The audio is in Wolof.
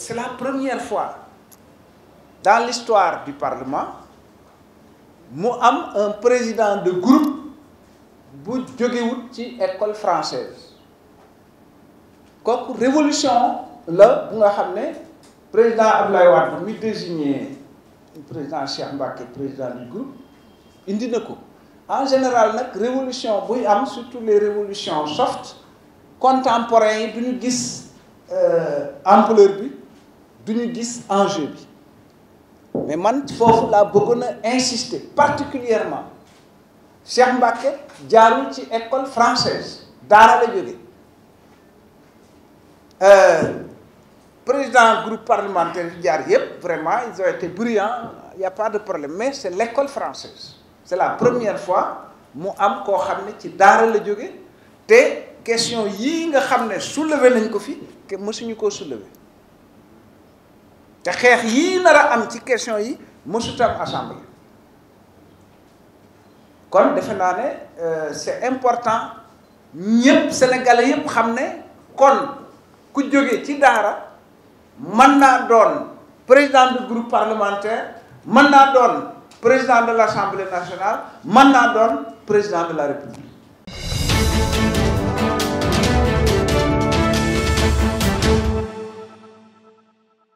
C'est la première fois dans l'histoire du Parlement que un président de groupe bu est école française la révolution le bu nga président Abdoulaye Wade désignait désigné président Cheikh le président du groupe indi dit, en général la révolution surtout les révolutions soft contemporaines, d'une guise euh, ampleur duñu en enjeu mais man foofu laa bëggoon a insister particulièrement Cheikh Mbacké jaarul ci école française Dara la jóge euh, président groupe parlementaire jaar vraiment ils ont été bruyants n'y a pas de problème mais c'est l'école française c'est la première fois mu am koo xam ne ci dara la jóge te question yii nga xam ne nañ ko fi que mësuñu koo soulevé te xeex yii nar am ci question yi mosut am assemblée kon defe naa ne euh, c'est important ñëpp sénégalais yëpp xam ne kon ku jóge ci daara mën naa doon président du groupe parlementaire mën naa doon président de l'Assemblée nationale mën naa doon président de la République